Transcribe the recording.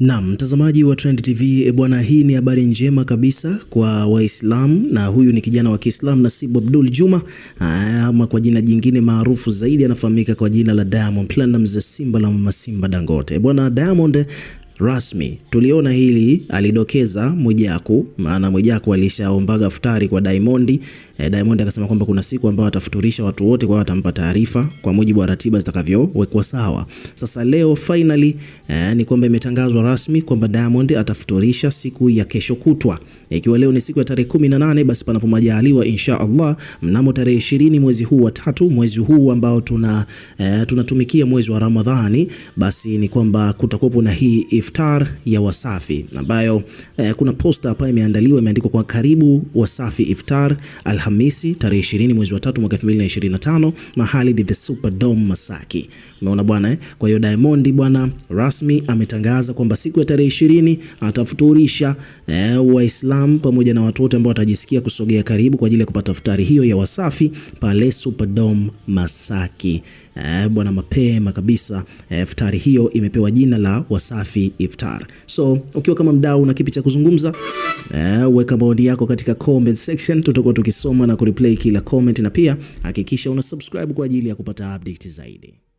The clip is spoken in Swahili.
Na mtazamaji wa Trend TV eh, bwana, hii ni habari njema kabisa kwa Waislamu, na huyu ni kijana wa Kiislamu Nasibu Abdul Juma, ah, ama kwa jina jingine maarufu zaidi anafahamika kwa jina la Diamond Platinumz, Simba la Mama Simba Dangote. Bwana Diamond rasmi. Tuliona hili alidokeza Mwijaku, maana Mwijaku alishaombaga futari kwa Diamond. E, Diamond akasema kwamba kuna siku ambayo atafuturisha watu wote, kwa atampa taarifa kwa mujibu wa ratiba zitakavyowekwa sawa. Sasa leo finally, e, ni kwamba imetangazwa rasmi kwamba Diamond atafuturisha siku ya kesho kutwa, ikiwa e, leo ni siku ya tarehe 18, basi panapo majaliwa insha Allah mnamo tarehe 20 mwezi huu wa tatu, mwezi huu ambao tuna e, tunatumikia mwezi wa Ramadhani, basi ni kwamba kutakuwa na hii if iftar ya Wasafi ambayo eh, kuna posta hapa imeandaliwa imeandikwa kwa karibu Wasafi iftar Alhamisi tarehe 20 mwezi wa 3 mwaka 2025, mahali ni the Superdome Masaki. Umeona bwana eh? Kwa hiyo Diamond bwana rasmi ametangaza kwamba siku ya tarehe 20 atafuturisha eh, Waislam pamoja na watu wote ambao watajisikia kusogea karibu kwa ajili ya kupata iftari hiyo ya Wasafi pale Superdome Masaki. Eh, bwana mapema kabisa eh, iftari hiyo imepewa jina la Wasafi iftar. So ukiwa kama mdau una kipi cha kuzungumza, eh, weka maoni yako katika comment section, tutakuwa tukisoma na kureplay kila comment, na pia hakikisha una subscribe kwa ajili ya kupata update zaidi.